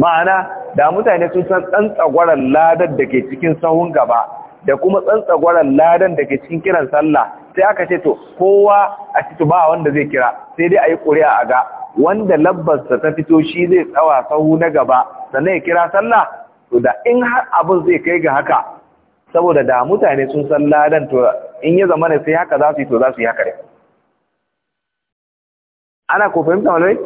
ma'ana da mutane sun san ɗan tsagwaron ladar da ke cikin sahun gaba da kuma tsantsagwaran ladan daga cikin kiran sallah sai aka ce to kowa a cikin ba wanda zai kira sai dai a yi ƙuri'a a ga wanda labbarsa ta fito shi zai tsawa sahu na gaba sannan ya kira sallah to da in har abin zai kai ga haka saboda da mutane sun san ladan to in ya zama ne sai haka za su yi to za su yi haka ne ana ko fahimta malamai,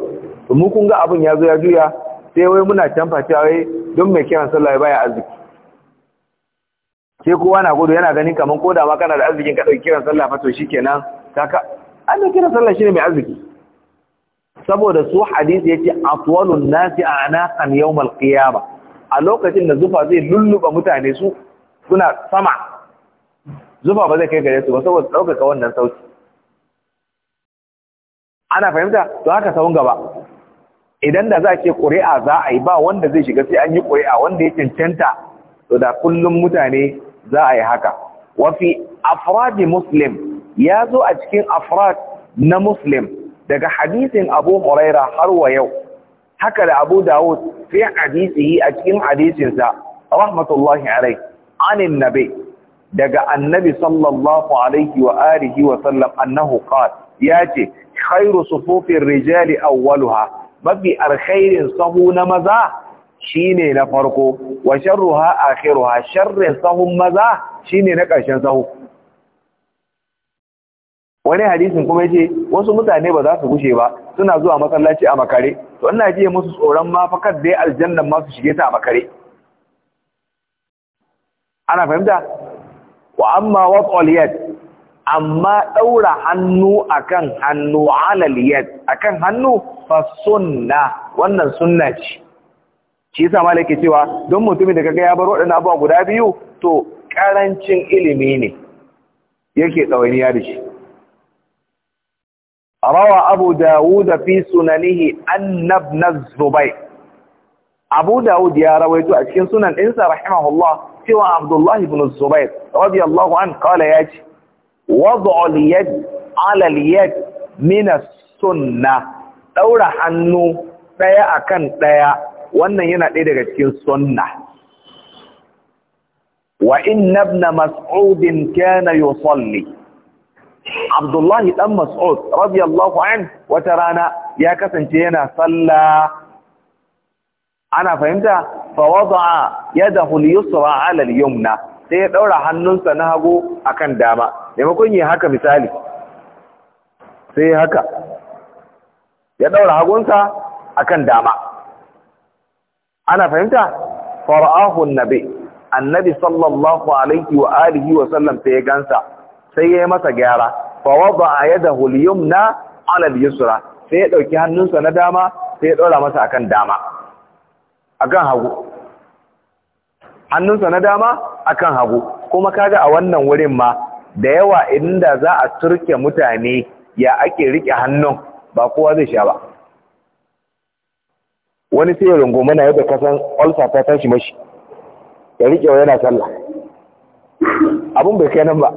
to mu kun ga abin ya zo ya juya sai wai muna canfa cewa wai don mai kiran sallah ya baya arziki ke kowa na gudu yana ganin kaman ko da ma kana da arzikin ka dauki kiran sallah fa to shikenan kaka an da kiran sallah shine mai arziki saboda su hadisi yace atwalun nasi anaqan yawm alqiyama a lokacin da zufa zai lulluba mutane su suna sama zufa ba zai kai gare su ba saboda daukaka wannan sauti ana fahimta to haka sawun gaba idan da za ke ƙuri'a za a yi ba wanda zai shiga sai an yi ƙuri'a wanda ya cancanta to da kullum mutane za a yi haka wafi afradi muslim ya zo a cikin afrad na muslim daga hadisin abu huraira har wa yau haka da abu dawud fi hadisihi a cikin hadisinsa rahmatullahi alai anin nabi daga annabi sallallahu alaihi wa wa sallam annahu ya ce khairu sufufin rijali awwaluha mafi alkhairin sahu na maza shine na farko wa sharruha akhiruha sharrin sahun maza shine na ƙarshen sahu wani hadisin kuma ce wasu mutane ba za su gushe ba suna zuwa masallaci a makare to ina ji musu tsoron ma fa kad dai aljannan ma su shige ta a makare ana fahimta wa amma wa yad amma daura hannu akan hannu alal yad akan hannu fa sunna wannan sunna ce shi yasa nake cewa don mutumin da kaga ya bar waɗannan abubuwa guda biyu to karancin ilimi ne yake ɗawainiya da shi rawa abu dawud fi sunanihi annab nazubai abu dawud ya rawaito a cikin sunan ɗinsa rahimahullah cewa abdullah ibn az-zubayr radiyallahu an kala ya wad'u al yad ala yad min as-sunnah daura hannu daya akan daya wannan yana ɗaya daga cikin sunna wa inna Mas'udin mas'ud kana yusalli Abdullahi dan Mas'ud radiyallahu an wata rana ya kasance yana salla ana fahimta fa wada'a yadahu al-yusra 'ala al-yumna sai ya daura hannunsa na hagu akan dama maimakon yi haka misali sai haka ya daura hagunsa akan dama ana fahimta fara'ahu nabi annabi sallallahu alaihi wa alihi wa sallam sai ya gansa sai ya yi masa gyara fa wada yadahu al ala yusra sai ya dauki hannunsa na dama sai ya dora masa akan dama akan hagu hannunsa na dama akan hagu kuma kaga a wannan wurin ma da yawa inda za a turke mutane ya ake rike hannun ba kowa zai sha ba wani sai ya rungu na yadda kasan olsa ta tashi mashi ya riƙe wa yana sallah abin bai kai nan ba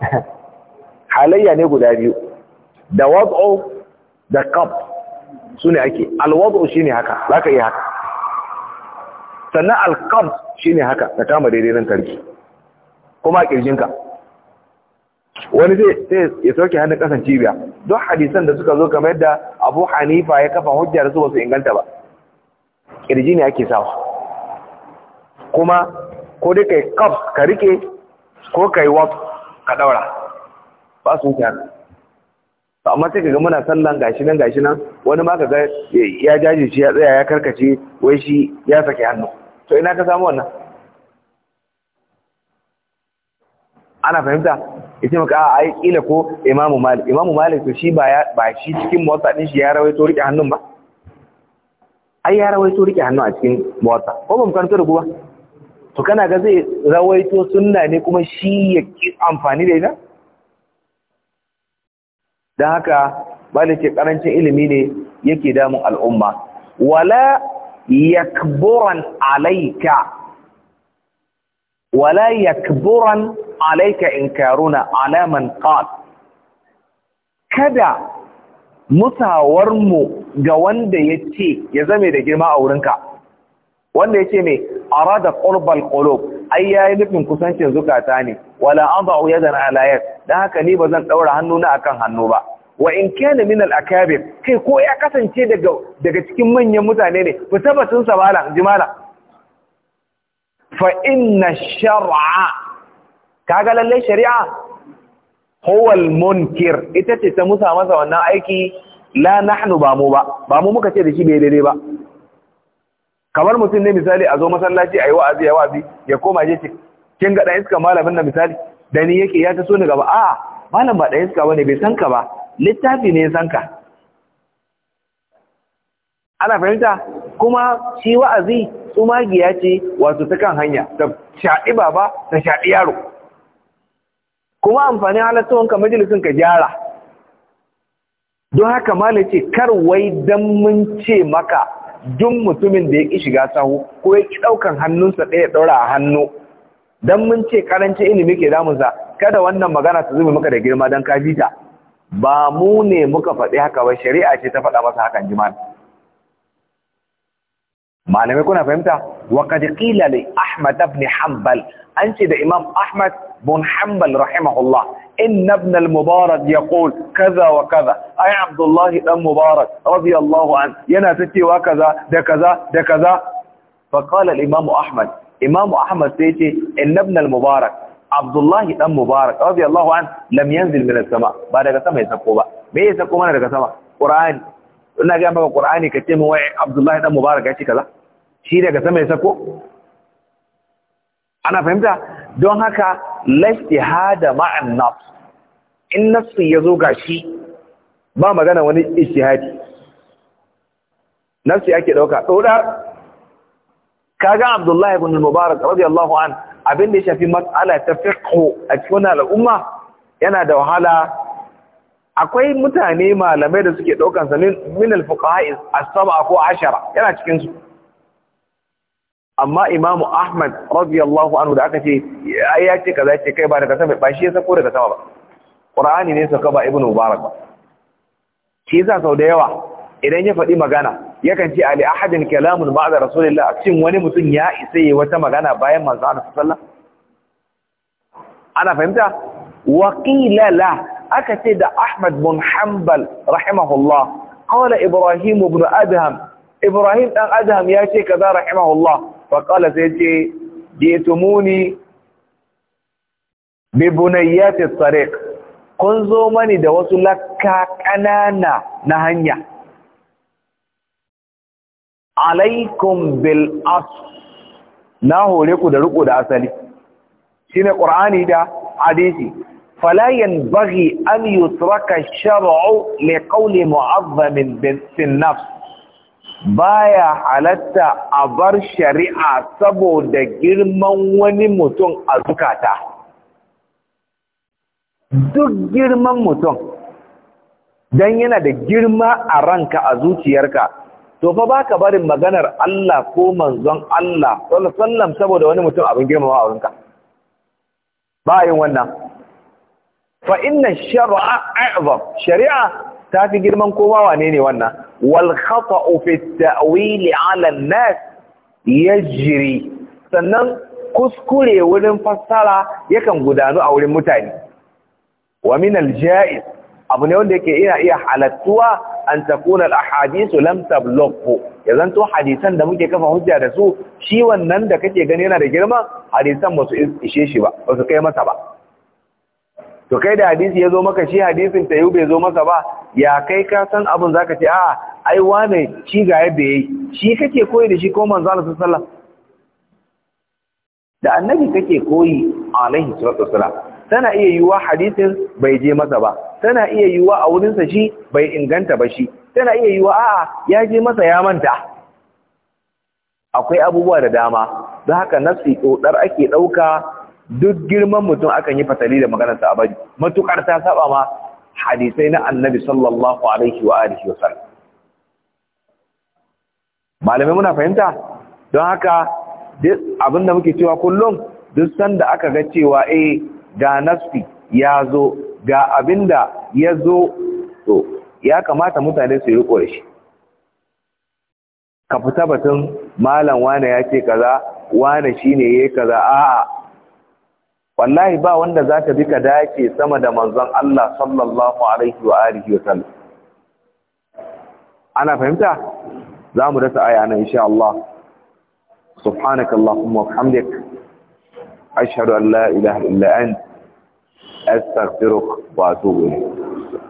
[laughs] halayya ne guda biyu da wad'u da qab su ne ake shi shine haka za ka yi haka sannan shi shine haka da kama daidai nan tarki kuma a ƙirjinka wani zai ya sauke hannun kasan cibiya don hadisan da suka zo kamar yadda abu hanifa ya kafa hujja da su wasu inganta ba kirji ne ake sawa kuma ko dai kai kaf ka rike ko kai wap ka daura ba su wuce haka amma sai kaga muna sallan gashi nan wani ma kaga ya jaje shi ya tsaya ya karkace wai shi ya sake hannu to ina ka samu wannan ana fahimta ita maka a ai kila ko imamu malik imamu malik to shi ba ba shi cikin motsa din shi ya rawaito rike hannun ba ai ya rawaito rike hannu a cikin motsa ko ba mu karanta da ba to kana ga zai rawaito sunna ne kuma shi ya ki amfani da ita dan haka ce karancin ilimi ne yake damun al'umma wala yakburan alayka wala yakburan alayka inkaruna ala man qal kada musawar mu ga wanda yace ya zame da girma a wurinka wanda yace me arada qurbal qulub ai yayi nufin kusancin zukata ne wala adau yadan ala yad dan haka ni bazan daura hannuna akan hannu ba wa in kana min al-akabir kai ko ya kasance daga daga cikin manyan mutane ne fa sabatun sabala jimala fa inna shar'a kaga lalle shari'a huwa munkir ita ce ta musa masa wannan aiki la nahnu ba mu ba ba mu muka ce da shi bai daidai ba kamar mutum ne misali a zo masallaci ayi wa'azi ya wa'azi ya koma je kin ga dan iska malamin na misali da yake ya taso ni gaba a malam ba dan iska bane bai san ka ba littafi ne ya san ka ana fahimta kuma shi wa'azi su magiya ce wato ta kan hanya ta shaɗi baba ta shaɗi yaro kuma amfanin ka majalisun ka gyara don haka malai ce kar wai don mun ce maka duk mutumin da ya ƙi shiga sahu ko ya ƙi ɗaukan hannunsa ɗaya ɗaura a hannu don mun ce ƙaranci ilimi ke damunsa kada wannan magana ta zube maka da girma don ka ta ba mu ne muka faɗi haka ba shari'a ce ta faɗa masa hakan jima'a malamai kuna fahimta wa qila li ahmad ibn hanbal an da imam ahmad bin hanbal rahimahullah inna ibn al yaqul kaza wa kaza ay abdullah dan mubarak radiyallahu an yana ta cewa kaza da kaza da kaza fa qala al-imam ahmad imam ahmad sai ce inna ibn al-mubarak abdullah dan mubarak radiyallahu an lam yanzil sama ba daga sama ya sako ba me ya sako mana daga sama qur'ani ina maka mu wai abdullahi dan mubarak ya ce kaza shi daga sama ya sako ana fahimta don haka laistihada ma'an nas in nassin ya zo gashi ba magana wani ijtihadi nassi ake ɗauka dora kaga abdullahi ibn mubarak radiyallahu an abin da ya shafi mas'ala ta fiqh a cikin al'umma yana da wahala akwai mutane malamai da suke ɗaukan sanin min al a as-sab'a ko ashara yana cikinsu. amma imamu ahmad radiyallahu anhu da aka ce ai ya ce kaza ce kai ba daga sama ba shi ya sako daga sama ba qur'ani ne saka ba ibnu mubarak ba shi yasa sau da yawa idan ya faɗi magana yakan ce ali ahadin kalamun ba'da rasulillah a cikin wani mutum ya isa yi wata magana bayan manzo Allah sallallahu ana fahimta wakilala la aka ce da ahmad bin hanbal rahimahullah qala ibrahim ibn adham ibrahim dan adham ya ce kaza rahimahullah faƙala sai ce jitumuni bi bunayyati tariq kun zo mani da wasu lakka ƙanana na hanya alaikum bil as na hore ku da riko da asali shine qur'ani da hadisi fala yanbaghi an yutraka shar'u li qawli mu'azzamin bin nafs baya halatta a bar shari'a saboda girman wani mutum a zukata duk girman mutum don yana da girma a ranka a zuciyarka to fa baka barin maganar Allah ko manzon Allah sallam saboda wani mutum abin girmama a wurinka bayan wannan fa inna shar'a a'zam shari'a ta fi girman kowa wane ne wannan wal khata'u fi ta'wili 'ala ya nas sannan kuskure wurin fassara yakan gudanu a wurin mutane wa min al-ja'iz abu ne wanda yake ina iya halattuwa an takuna al-ahadithu lam tablughu yanzan to hadisan da muke kafa hujja da su shi wannan da kake gani yana da girma hadisan ba su ishe shi ba ba su kai masa ba to kai da hadisi ya zo maka shi hadisin ta bai zo masa ba ya kai ka san abin za ka ce a'a ai ne shi ga yadda yayi shi kake koyi da shi ko manzo Allah da annabi kake koyi alaihi salatu tana iya yiwuwa hadisin bai je masa ba tana iya yiwuwa a wurinsa shi bai inganta ba shi tana iya yiwa a'a ya je masa ya manta akwai abubuwa da dama don haka nasi tsotsar ake ɗauka duk girman mutum akan yi fatali da maganarsa a bari matuƙar ta saba ma hadisai na annabi sallallahu alaihi wa alihi wa sallam malamai muna fahimta don haka abinda muke cewa kullum duk sanda aka ga cewa eh ga nasfi ya zo ga abinda ya zo to ya kamata mutane su riko da shi ka fita batun malam wane ya ce kaza wane shine yayi kaza a'a wallahi ba wanda za ta bi ka dace sama da manzon Allah sallallahu alaihi wa alihi wa sallam ana fahimta za mu rasa aya nan insha Allah subhanaka allahumma wa bihamdik ashhadu an la ilaha illa anta astaghfiruka wa atubu ilayk